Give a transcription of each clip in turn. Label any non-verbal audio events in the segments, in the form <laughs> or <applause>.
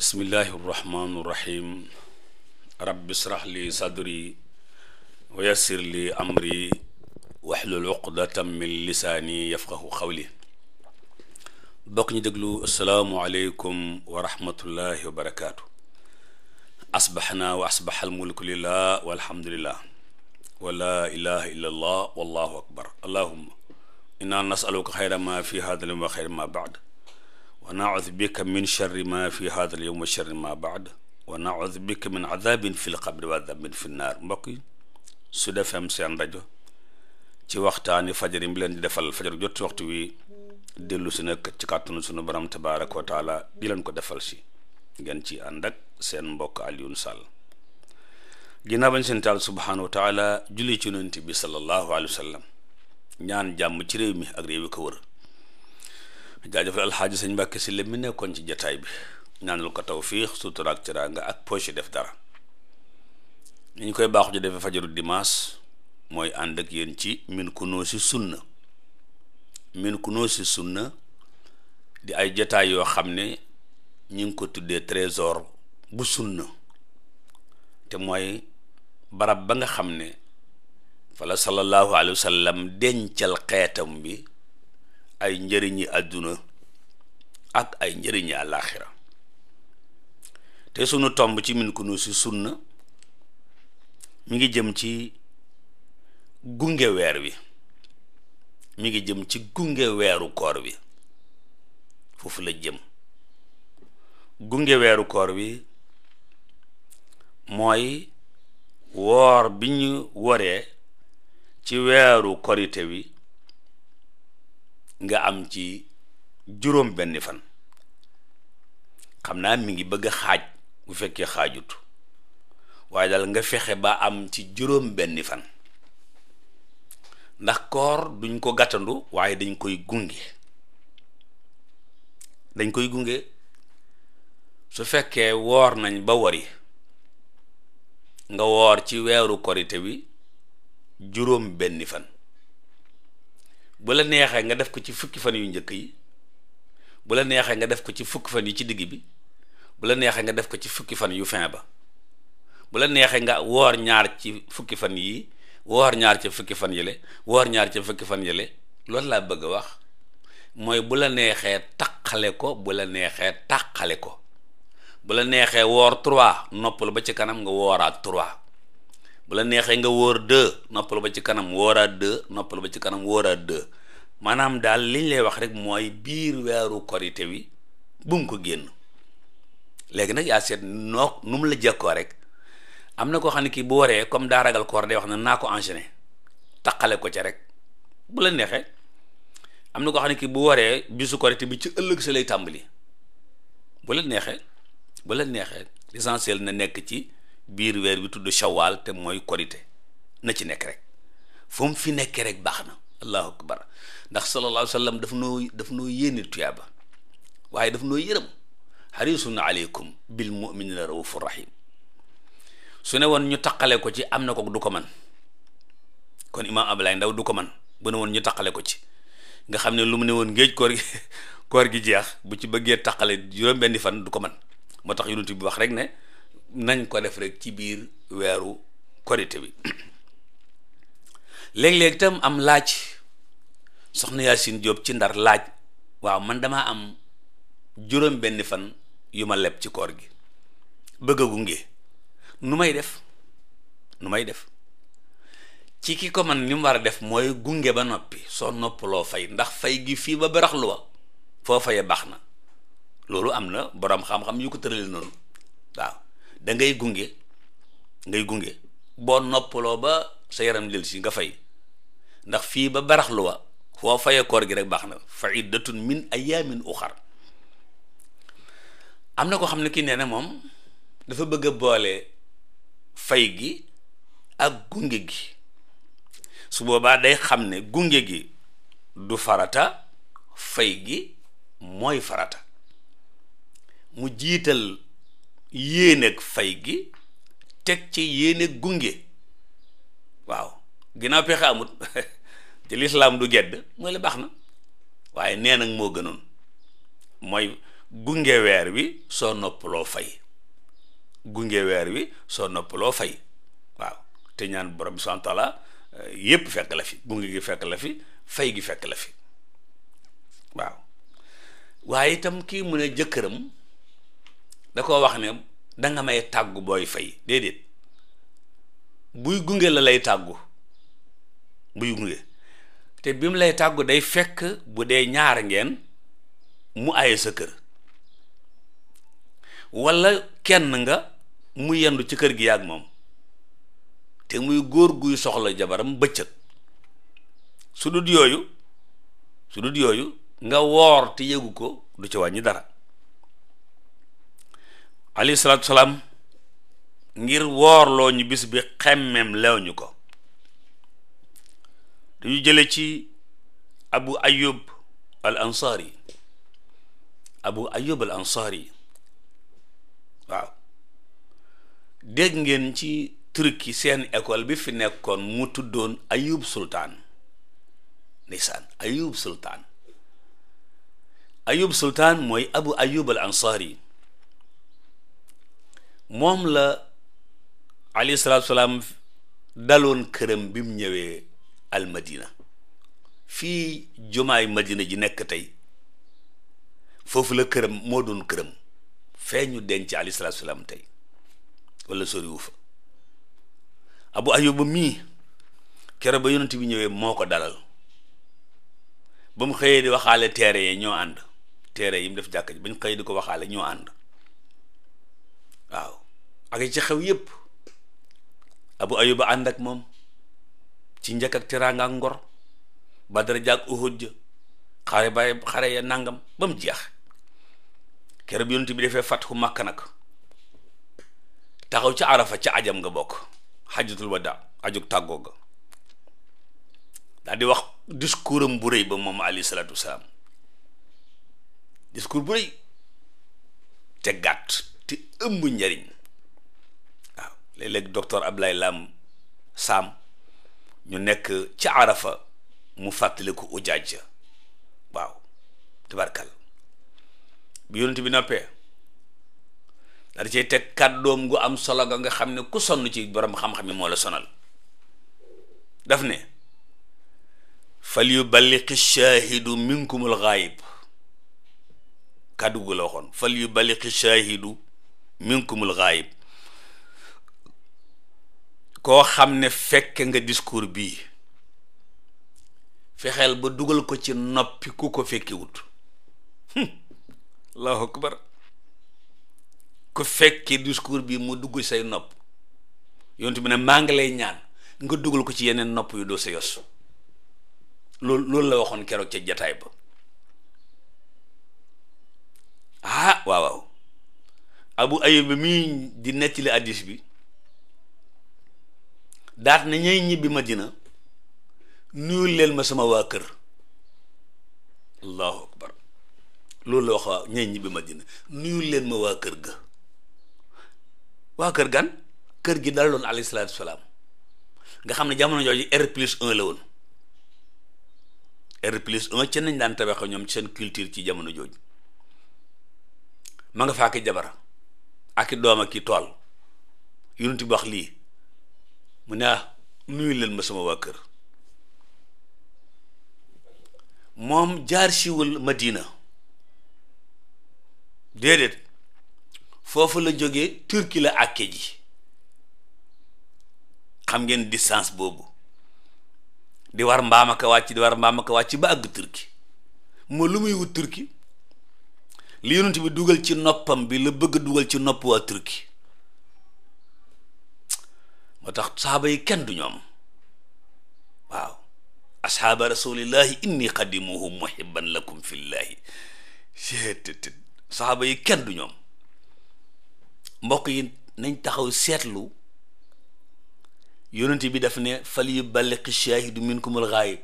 bismillahi rahmaani rahim rabbi israh li sadri wa yassir li amri waxlul uqdatan min lisaani yafqahu qawli bokk ñu déglu asalaamu aleykum wa rahmatullahi wa barakaatu asbaxna wa asbaxa almulku lillah walhamdulillah wa laa ilaha illa allah wallahu akbar allahuma inna nasaluka xayra ma fi hada wa xayra ma baad wa naudu bika min sharri ma fi hada al yowm wa sharri ma baad wa naudu bika min adabin fi lqabri wa adabin fi nnaar mbokk yi Sud FM seen rajo ci waxtaani fajar yi mu leen di defal fajar jot waxtu wi dellu si nag ci kàttanu sunu borom tabaraka wa taala di leen ko defal si ngeen ci ànd ak seen mbokk Alioune Sall ginnaaw bañ seen taal subhaanahu wa taala julli ci yonent bi sallallahu alayhi wa sallam ñaan jàmm ci réew mi ak réew yi ko wër jaajëfal alxaaji sëñ Mbàkke si le mi nekkoon ci jataay bi ñaanal ko tawfiix sutura ak teraanga ak poche def dara ni ñu koy baaxu ji defee fajaru dimanche mooy ànd ak yéen ci min noo si sunna min ku si sunna di ay jataay yoo xam ne ñi ngi ko tuddee trésor bu sunna te mooy barab ba nga xam ne fala sallallahu alayhi wa sallam dencal xeetam bi ay njëriñi àdduna ak ay njëriñi àllaaxira te sunu tomb ci min ku si sunna mi ngi jëm ci gunge weer wi mi ngi jëm ci gunge weeru koor wi foofu la jëm gunge weeru koor wi mooy woor bi ñu woree ci weeru korite wi nga am ci juróom benn fan xam naa mi ngi bëgg xaaj bu fekkee xaajut waaye daal nga fexe ba am ci juróom benn fan ndax koor duñ ko gàttandu waaye dañ koy gunge dañ koy gunge su fekkee woor nañ ba wori nga woor ci weeru korite wi juróom benn fan bu la neexee nga def ko ci fukki fan yu njëkk yi bu la neexee nga def ko ci fukki fan yu ci digg bi bu la neexee nga def ko ci fukki fan yu fin ba bu neexee nga woor ñaar ci fukki fan yii woor ñaar ci fukki fan yële le ñaar ci fukki fan yële loolu laa bëgg a wax mooy bu la neexee taqale ko bu la neexee taqale ko bu la neexee woor trois noppal ba ci kanam nga wooraat trois bu la neexee nga woor deux noppalu ba ci kanam wóoraat deux noppalu ba ci kanam woor wóoraat deux maanaam daal liñ lay wax rek mooy biir weeru korite wi bu mu ko génn léegi nag yaa seet noo nu mu la jekkoo rek am na koo xam ne kii bu waree comme daa ragal koor day wax ne naa ko enchaîner taqale ko ca rek bu neexee am na koo xam ne kii bu waree bisu korite bi ci ëllëg sa lay tàmbali bu la neexee bu la neexee l'essentiel na nekk ci biir weer bi tudd shawaal te mooy korite na ci nekk rek fu mu fi nekkee rek baax na allahu akbar ndax sallallahu alayhi wa sallam daf noo daf noo yéene tuyaaba waaye daf noo yërëm xarisun aleykum bil muminina raufu rahim su ne woon ñu taqale ko ci am na ko du ko man kon imaam Ablaye Ndaw du ko man bu ne woon ñu taqale ko ci nga xam ne lu mu ne woon ngéej koor gi <laughs> koor gi jeex bu ci bëggee taqale juróom benni fan du ko man moo tax yonent bu wax rek ne nañ ko def rek ci biir weeru korite bi léeg-léeg itam am laaj soxna Yaasin Jóob ci ndar laaj waaw man damaa am juróom benn fan yu ma leb ci koor gi bëgg a gunge nu may def nu may def ci ki ko man li mu war a def mooy gunge ba noppi soo noppaloo fay ndax fay gi fii ba baraxlu wa foo faye baax na loolu am na boroom xam-xam yu ko tërale noonu waaw dangay gunge ngay gunge boo noppaloo ba sa yaram lil nga fay ndax fii ba baraxluwa foo faye koor gi rek baax na fa iddatun min ayaamin uxar am na ko xam ne kii nee na moom dafa bëgg boole fay gi ak gunge gi su boobaa day xam ne gunge gi du farata fay gi mooy farata mu jiital yéeneeg fay gi teg ci yéeneeg gunge waaw ginnaaw pexe amut <laughs> te lislaam du gedd mooy la baax na waaye nee nag moo gënoon mooy gunge weer wi soo noppaloo fay gunge weer wi soo noppaloo fay waaw te ñaan borom subhaanahu eh, yépp fekk la fi gunge gi fekk la fi fay gi fekk la fi waaw waaye itam kii mu ne jëkkëram da koo wax ne danga may tàggu booy fay déedéet buy gunge la lay tàggu buy gunge te bim lay tàggu day fekk bu dee ñaar ngeen mu aye sa kër walla kenn nga mu yendu ci kër gi yàgg moom te muy góor guy soxla jabaram bëccëg su yooyu su yooyu nga woor te yëgu ko du ci wàññi dara alayhi salaatu salaam ngir woorloo ñu bis bi xemmem leew ñu ko dañu jële ci abu ayub al ansaari abu ayub al ansaari waaw dégg ngeen ci turki seen école bi fi nekkoon mu tuddoon ayub sultaan ndeysaan ayub sultaan ayub sultaan mooy abu ayub al ansaari moom la alayhi salaatu salaam daloon këram bi mu ñëwee almadina fii jumaay madina ji nekk tey foofu la këram moo doon këram fee ñu denc alayhi salaatu salaam tey walla soriwu fa abu ayuba mii kero ba yonent bi ñëwee moo ko dalal ba mu xëyee di waxaale teere yi ñoo ànd teere yi mu def jàkk ji ba ñu xëyee di ko waxaale ñoo ànd waaw ak yi ci xew yépp abu ayuba ànd moom ci njëkkak ak teraanga ngor badara jaag uhud ja xare bay xare ya nàngam ba mu jeex kere bi yonent bi defee fatxu makka nag taxaw ci arafa ca ajam nga bokk xajatul wada ajug tàggoo ga daal wax discours am bu rëy ba moom alayhi salaatu wasalaam discours bu te ëmb njariñ waaw léeg-léeg docteur Ablaye Lam Sam ñu nekk ci Arafa mu fàttali ko ujaaj waaw tabarkal bi yonent bi noppee da cay teg kàddoom gu am solo ga nga xam ne ku sonn ci borom xam-xam yi moo la sonal daf ne fal yuballiqi shaahidu minkumul ghaayib kàddu gu la waxoon fal yuballiqi shaahidu minkumul gaayib koo xam ne fekk nga discours bii fexeel ba dugal ko ci noppi ku ko fekkiwut allahu akbar ku fekkee discours bii mu dugg say nopp yontu bi ne maa ngi lay ñaan nga dugal ko ci yeneen nopp yu doo sa yos loolu loolu la waxoon keroog ca jataay ba ah waaw waaw abu ayub bi mii di nettali addis bi daat na ñay ñibbi madina nuyul leen ma sama waa kër allahu akbar loolu la wax waa ñay ñibbi madina nuyul leen ma waa kër ga waa kër gan kër gi daloon alayhi salaatu salaam nga xam ne jamono jooju R plus 1 la woon R plus 1 ci nañ daan tabaxee ñoom seen culture ci jamono jooju ma nga faaki jabar ak i doom ak i tool yonent bi lii mu ne ah nuyu leen ma sama waa kër moom jaar siwul Madina déedéet foofu la jógee Turki la àkke ji xam ngeen distance boobu di war mbaam ak a wàcc di war mbaam ak a wàcc ba àgg Turki moo lu wut Turki li yonent bi dugal ci noppam bi la bëgg dugal ci nopp waa turki moo tax saxaaba yi kenn du ñoom waaw asxaaba rasulillahi inni xadimuhum muhibban lakum fillahi seetet saxaaba yi kenn du mbokk yi nañ taxaw seetlu yonent bi daf ne fal yuballighi shaahidu minkumul ghaayib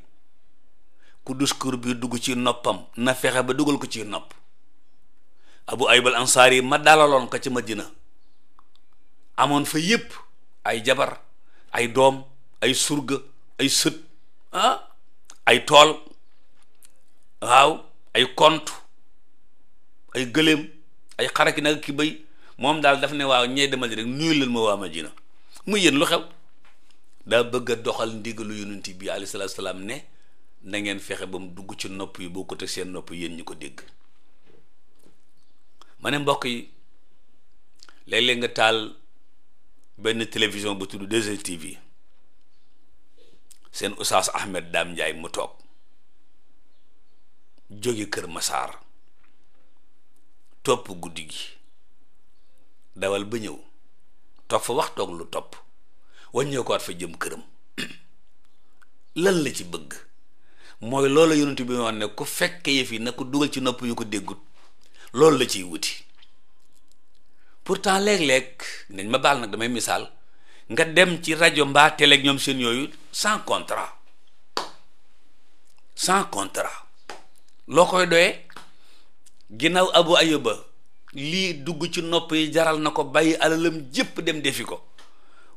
ku discours bi dugg ci noppam na fexe ba dugal ko ci nopp abu ayub al ansaari ma dalaloon ko ci madina amoon fa yépp ay jabar ay doom ay surga ay sët ah ay tool waaw ay kont ay gëléem ay xaraki nag ki béy moom daal daf ne waaw ñee demal rek nuyu leen ma waa madina mu yéen lu xew daa bëgg a doxal ndigalu yonent bi alayhi salaatu salaam ne na ngeen fexe ba mu dugg ci nopp yi boo ko teg seen nopp yéen ñu ko dégg ma mbokk yi léeg-léeg nga taal benn télévision bu tudd 2STV seen Oustaz Ahmed Dame Ndiaye mu toog jóge Kër Masaar topp guddi gi dawal ba ñëw toog fa wax toog lu topp waññee ko at fa jëm këram <clears throat> lan la ci bëgg mooy loolu yonent bi wax ne ku fekke yëf yi na ko dugal ci nopp yu ko déggut loolu la ciy wuti pourtant léeg-léeg nañ ma baal nag damay misaal nga dem ci rajo mbaa télé ñoom seen yooyu sans contrat sans contrat loo koy doyee ginnaaw abu ayuba lii dugg ci nopp yi jaral na ko bàyyi alalam jëpp dem defi ko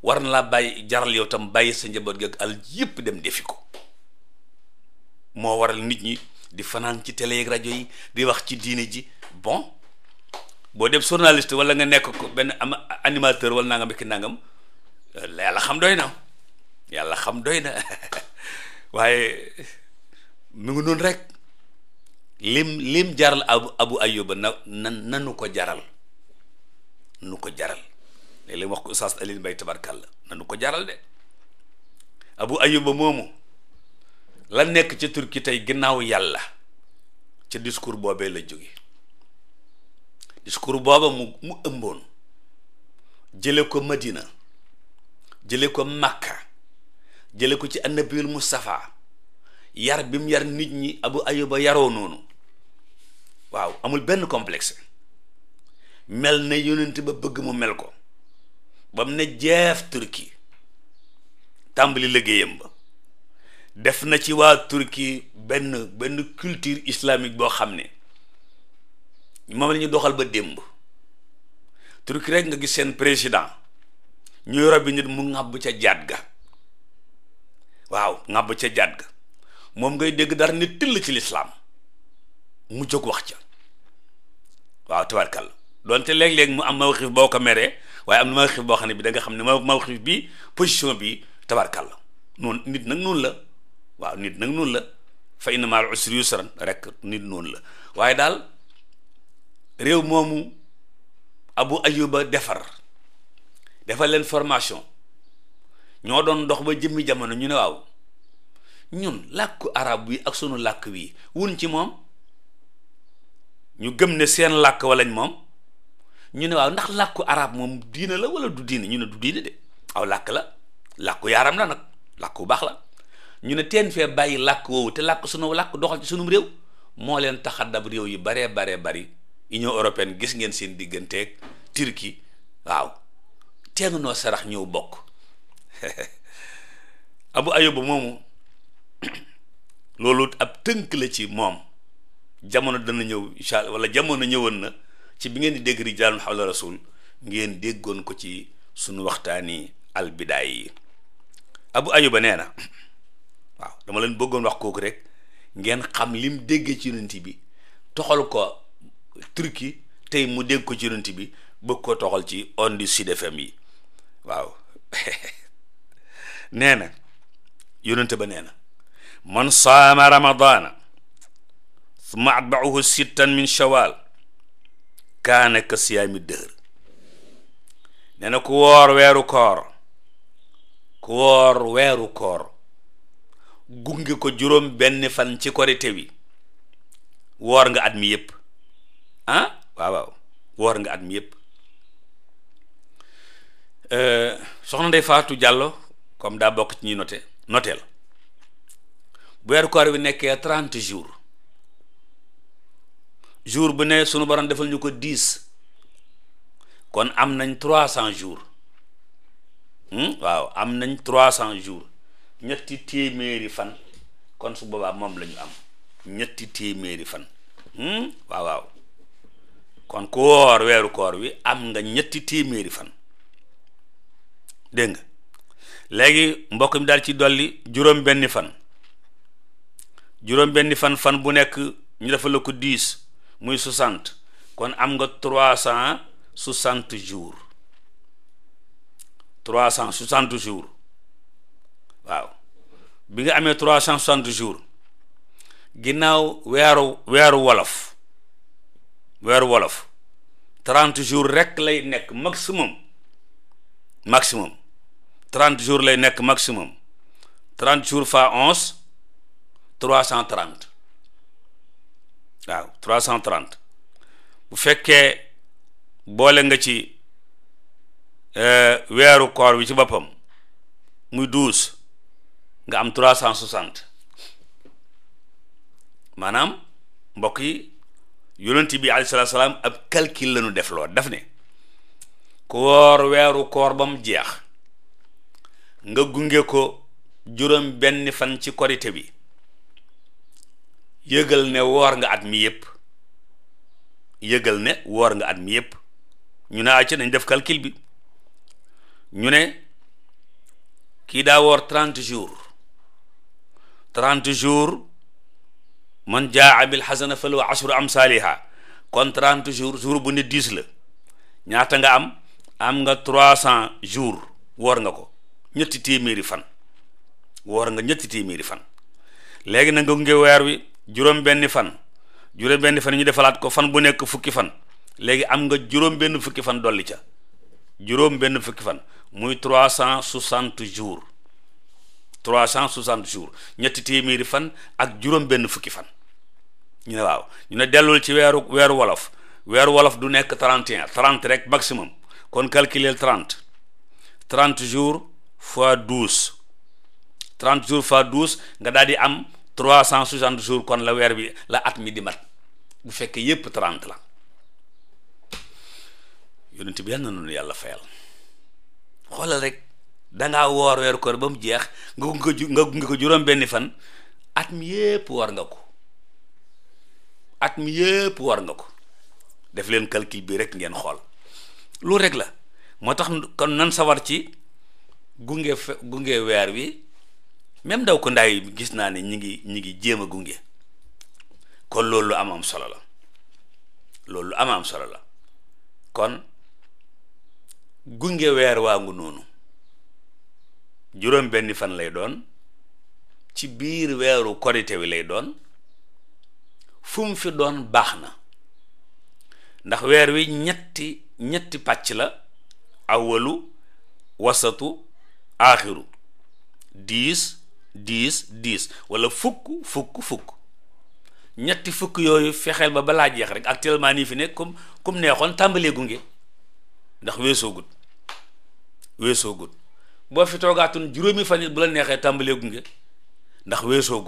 war na laa bàyyi jaral yow tam bàyyi sa njaboot gi ak alal yëpp dem defi ko moo waral nit ñi di fanaan ci tele ak rajo yi di wax ci diine ji bon boo def journaliste wala nga nekk ko benn am animateur wala nangam ki nangam euh, yàlla xam doy na yàlla xam doy na <laughs> waaye mu ngi noonu rek lim lim jaral abu abu ayuba na nanu ko jaral nu ko jaral léeg wax ko nanu ko jaral de abu ayuba moomu la nekk ca turki tey ginnaaw yàlla ca discours boobee la jóge discours booba mu mu ëmboon jële ko Madina jële ko Makka jële ko ci annabiyul Mustafa yar bi mu yar nit ñi Abu Ayuba yaroo noonu waaw amul benn complexe mel na yonent ba bëgg mu mel ko ba mu ne jeef turki tàmbali liggéeyam ba def na ci waa turki benn benn culture islamique boo xam ne moom la ñu doxal ba démb turki rek nga gis seen président ñuy robbi nit mu ŋàbb ca jaat ga waaw ŋàbb ca jaat ga moom ngay dégg dara nit tëll ci lislaam mu jóg wax ca waaw tabarkàlla doonte léeg-léeg mu am mawxif boo ko meree waaye am na mawxif boo xam ne bi danga xam ne ma mawxif bi position bi tabarkàlla noonu nit nag noonu la waaw nit nag noonu la fa inna ma'al usri yusran rek nit noonu la waaye daal réew moomu abu ayuba defar defal leen formation ñoo doon dox ba jëmmi jamono ñu ne waaw ñun làkku arab wi ak sunu làkk wi wun ci moom ñu gëm ne seen làkk walañ moom ñu ne waaw ndax làkku arab moom diina la wala du diina ñu ne du diina de aw làkk la làkku yaaram la nag làkk wu baax la ñu ne teen fee bàyyi làkk woowu te làkk sunu làkk doxal ci sunum réew moo leen taxadab réew yi baree baree bari union européenne gis ngeen seen digganteeg Turquie waaw teenu noo sarax ñëw bokk <laughs> abu ayoba moomu <clears throat> loolu ab tënk la ci moom jamono dana ñëw incha allah wala jamono ñëwoon na ci bi ngeen di dégg rijaalun hawla rasul ngeen déggoon ko ci sunu waxtaani albidaay yi abu ayuba nee na waaw dama leen bëggoon wax kooku rek ngeen xam lim déggee ci yonent bi toxal ko Turquie tey mu dégg ko ci yonent bi bëgg ko toxal ci onde Sud FM yi waaw <laughs> nee na yonent ba nee man saama ramadana summa atba'ahu sittan min shawal kaana ka siyaami dëhër nee ku woor weeru koor ku woor weeru koor gunge ko juróom benn fan ci korite wi woor nga at mi yépp ah waaw waaw woor nga at mi yëpp euh, soxna Ndeye Fatou Diallo comme daa bokk ci ñuy noté noteel bu weeru koor bi nekkee trente jours jours bu ne sunu borom defal ñu ko dix kon am nañ trois cent jours hmm? waaw am nañ trois cent jours ñetti téeméeri fan kon su boobaa moom la ñu am ñetti téeméeri fan hmm? waaw waaw kon ku woor weeru koor wi am nga ñetti téeméeri fan dégg nga léegi mbokk mi daal ci dolli juróom benni fan juróom benni fan fan bu nekk ñu dafa la ko dix muy soixante kon am nga trois cent soixante jours trois cent soixante jours waaw bi nga amee trois cent soixante jours ginnaaw weeru weeru wolof weeru wolof trente jours rek lay nekk maximum maximum trente jours lay nekk maximum trente jours fois onze trois cent trente waaw trois cent trente bu fekkee boole nga ci euh, weeru koor wi ci boppam muy douze nga am trois cent soixante maanaam mbokk yi yonent bi alayhi salaam ab calcul la ñu def lool daf ne ku weeru koor ba mu jeex nga gunge ko juróom benn fan ci korite bi yëgal ne woor nga at mi yëpp yëgal ne woor nga at mi yëpp ñu ne acca nañ def calcul bi ñu ne kii daa woor trente jours trente jours man jaa bil xasana falahu ashru amsaaliha kon trente jours jour bu ne dix la ñaata nga am am nga trois cent jours woor nga ko ñetti téeméeri fan woor nga ñetti téeméeri fan léegi na nga ngi weer wi juróom benni fan juróom benni fan ñu defalaat ko fan bu nekk fukki fan léegi am nga juróom benn fukki fan dolli ca juróom benn fukki fan muy trois cent soixante jours trois cent soixante jours ñetti téeméeri fan ak juróom benn fukki fan ñu ne waaw ñu ne dellul ci weeru weer wolof weer wolof du nekk trente et un trente rek maximum kon calculer trente trente jours fois douze trente jours fois douze nga daal di am trois cent soixante jours kon la weer bi la at mi di mat bu fekkee yépp trente la yonent bi yal na nu yàlla fayal xoolal rek. danga woor weeru koor ba mu jeex nga ko nga ko juróom benni fan at mi yépp war nga ko at mi yépp war nga ko def leen calcul bi rek ngeen xool lu rek la moo tax kon nan sawar ci gunge fe gunge weer wi même daw ko ndaay gis naa ne ñi ngi ñi ngi jéem a gunge kon loolu lu am am solo la loolu lu am am solo la kon gunge weer waa ngu noonu juróom benni fan lay doon ci biir weeru korite wi lay doon fum fi doon baax na ndax weer wi ñetti ñetti pàcc la awalu wasatu aaxiru dix dix dix wala fukk fukk fukk ñetti fukk yooyu fexeel ba balaa jeex rek actuellement nii fi nekk comme comme neexoon tàmbalee gunge ndax weesoo gut weesoo gut boo fi toogaatoon juróomi fan bu la neexee tàmbalee gunge ndax weesoo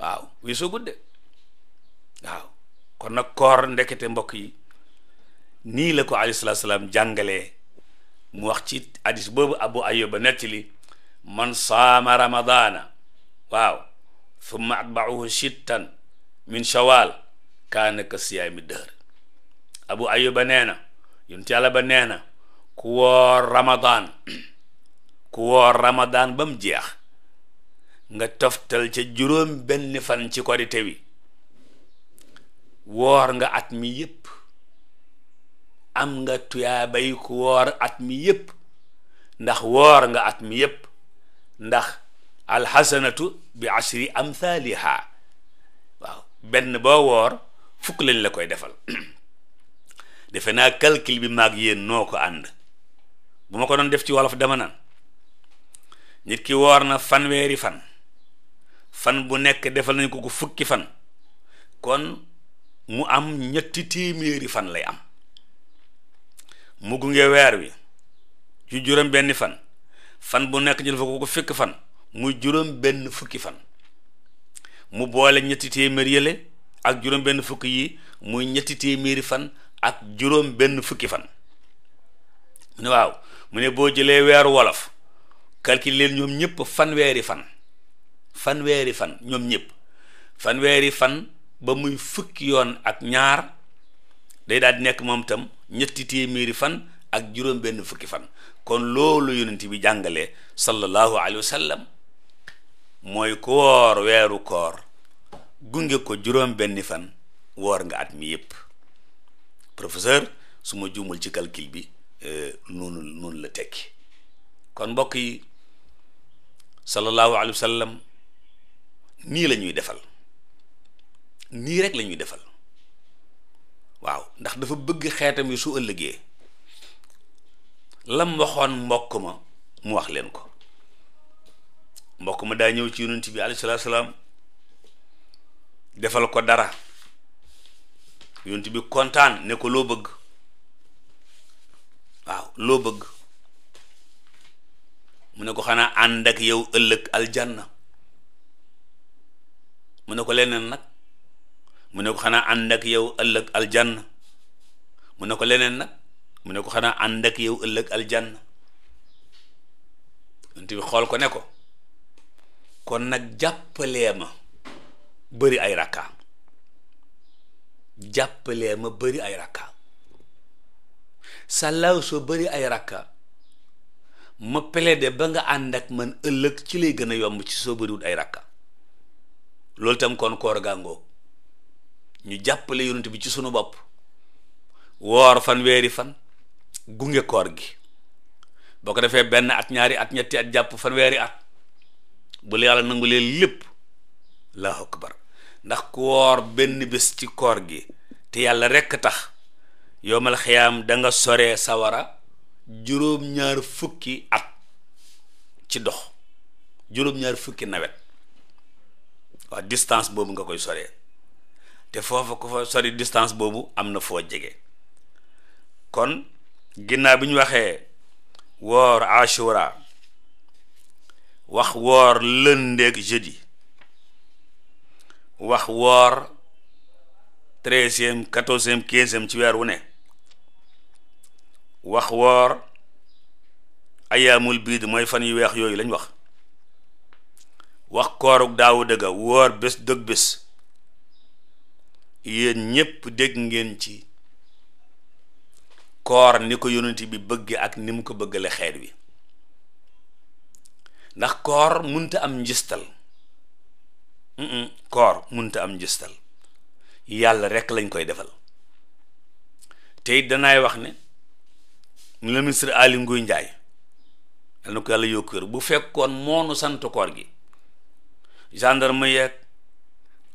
waaw weesoo de waaw kon nag koor ndekete mbokk yi nii la ko alayhi salaatu salaam jàngalee mu wax ci hadis boobu abu ayyuba nettali man saama ramadaana waaw thumma atba'uhu sittan min shawal kaana ka siyaami dëhr abu ayyuba nee na yonent yàlla ba nee ku woor ramadaan <clears throat> ku woor ramadaan ba mu jeex nga toftal ca juróom benn fan ci korite wi woor nga at mi yépp am nga tuyaabay ku woor at mi yépp ndax woor nga at mi yépp ndax alxasanatu bi ashri amthaliha waaw benn boo woor fukk lañ la koy defal defe na calcul bi maag yéen noo ko ànd bu ma ko doon def ci wolof dama naan nit ki woor na fanweeri fan fan bu nekk defal nañ ko ko fukki fan kon mu am ñetti téeméeri fan lay am mu gunge weer wi ci juróom benni fan fan bu nekk ñu defal ko ko fukki fan muy juróom benn fukki fan mu boole ñetti téeméer yële ak juróom benn fukki yi muy ñetti téeméeri fan ak juróom benn fukki fan mu ne waaw mu ne boo jëlee weeru wolof calculer leen ñoom ñëpp fanweeri fan fanweeri fan ñoom ñëpp fanweeri fan ba muy fukki yoon ak ñaar day daal di nekk moom tam ñetti téeméeri fan ak juróom benn fukki fan kon loolu yonent bi jàngale sallallahu alayhi wa mooy ku woor weeru koor gunge ko juróom benni fan woor nga at mi yépp professeur su ma juumul ci calcul bi euh, noonu noonu la tekki kon mbokk yi sallallahu alayhi wa sallam nii la ñuy defal nii rek lañuy defal waaw ndax dafa bëgg xeetam yi su ëllëgee lam waxoon mbokk ma mu wax leen ko mbokk ma daa ñëw ci yonent bi alayhi salaatu salaam defal ko dara yonent bi kontaan ne ko loo bëgg waaw loo bëgg mu ne ko xanaa ànd ak yow ëllëg aljanna mu ne ko leneen nag mu ne ko xanaa ànd ak yow ëllëg aljanna mu ne ko leneen nag mu ne ko xanaa ànd ak yow ëllëg aljanna yonent bi xool ko ne ko kon nag jàppalee ma bëri ay rakka jàppalee ma bëri ay rakka salaaw soo bëri ay rakka ma plaidé ba nga ànd ak man ëllëg ci lay gën a yomb ci soo bëriwul ay rakka loolu tam kon koor gàngoo ñu jàppale yonent bi ci sunu bopp woor fan fan gunge koor gi boo ko defee benn at ñaari at ñetti at jàpp fan weeri at bu la yàlla nangu leen lépp allahu akbar ndax ku woor benn bés ci koor gi te yàlla rekk tax yowmal xiyaam da nga soree sawara juróom-ñaar fukki at ci dox juróom-ñaar fukki nawet waaw distance boobu nga koy soree te foofu ko fa sori distance boobu am na foo jege kon ginnaaw bi ñu waxee woor ashura wax woor lëndeeg jeudi wax woor treizième quatorzième quinzième ci weer wu ne wax woor ayaamul biid mooy fan yu weex yooyu lañ wax wax kooruk daawu dëgga woor bés dëg bés yéen ñépp dégg ngeen ci koor ni ko yonent bi bëgg ak ni mu ko bëggale xeet wi ndax koor munta am njistal koor munta am njistal yàlla rekk lañ koy defal tey danaay wax ne ni la ministre Aly Ngouille Ndiaye yal na ko yàlla yokk wér bu fekkoon moonu sant koor gi gendarme yeeg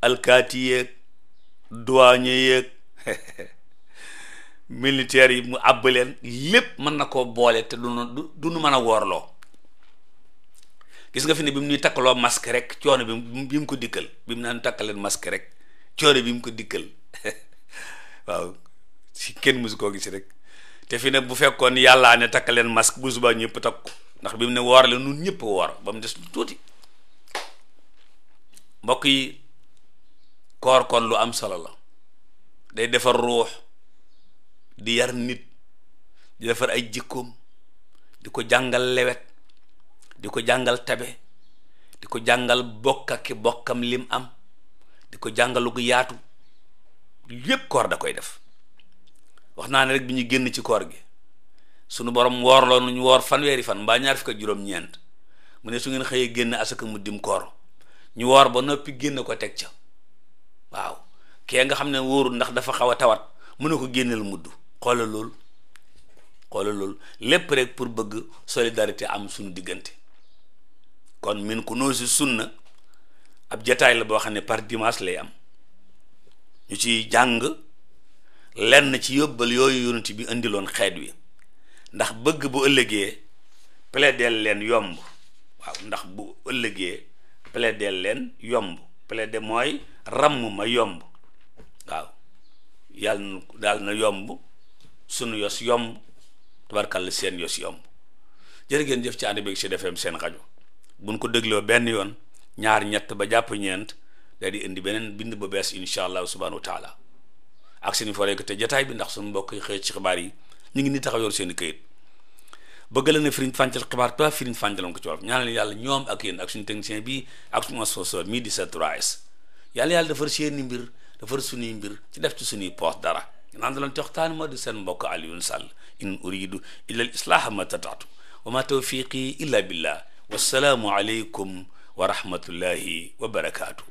alkaati yeeg douane yeeg <laughs> militaire yi mu àbb leen lépp mën na koo boole te du nu mën a woorloo gis nga fi ne bi mu ñuy takkaloo masque rek coono bi bi mu ko dikkal bi mu naan takkaleen masque rek coono bi mu ko dikkal <laughs> waaw si kenn mësu koo gis rek te bu fekkoon yàllaa ne takk leen masque bu subaa ñëpp takk ko ndax bi mu ne woor la nun ñëpp woor ba mu des tuuti mbokk yi koor kon lu am solo la day defar ruux di yar nit di defar ay jikkoom di ko jàngal lewet di ko jàngal tabe di ko jàngal bokk ak bokkam lim am di ko jàngalu gu yaatu lépp koor da koy def wax naa ne rek bi ñu génn ci koor gi sunu borom woorloo nu ñu woor fanweeri fan mbaa ñaar fukk ak juróom-ñeent mu ne su ngeen xëyee génn asaka mu dim koor ñu woor ba noppi génn ko teg ca waaw kee nga xam ne wóorul ndax dafa xaw a tawat mu ne ko génneel mudd xoola loolu xoola loolu lépp rek pour bëgg solidarité am suñu diggante kon min ku noo si sunna ab jataay la boo xam ne par dimanche lay am ñu ci jàng lenn ci yóbbal yooyu yonent bi indiloon xeet wi ndax bëgg bu ëllëgee plaideel leen yomb waaw ndax bu ëllëgee plaideel leen yomb plaide mooy ràmm ma yomb waaw yàlla na daal na yomb sunu yos yomb tabarkàlla seen yos yomb jërë ngeen jëf ci ànd bi ci defeem seen rajo buñ ko dégloo benn yoon ñaar ñett ba jàpp ñeent daal di indi beneen bind ba bees incha allah subhanahu wa ak seen fa rekk te jataay bi ndax suñu mbokk yi xëy ci xibaar yi ñu ngi ni taxaw yor seen i këyit bëgg la ne firiñ fàncal xibaar toi firiñ fàncalam ko ci wolof ñaanal yàlla ñoom ak yéen ak suñu technicien bi ak suñu sponsor mii di sa 3S yàlla yàlla defar seeni mbir defar suñuy mbir ci def ci suñuy poos dara naan da loon te waxtaan ma di seen mbokk Alioune Sall in uridu illa al islaha ma tataatu wa ma tawfiqi illa billah wassalaamu aleykum wa rahmatullahi wa barakaatu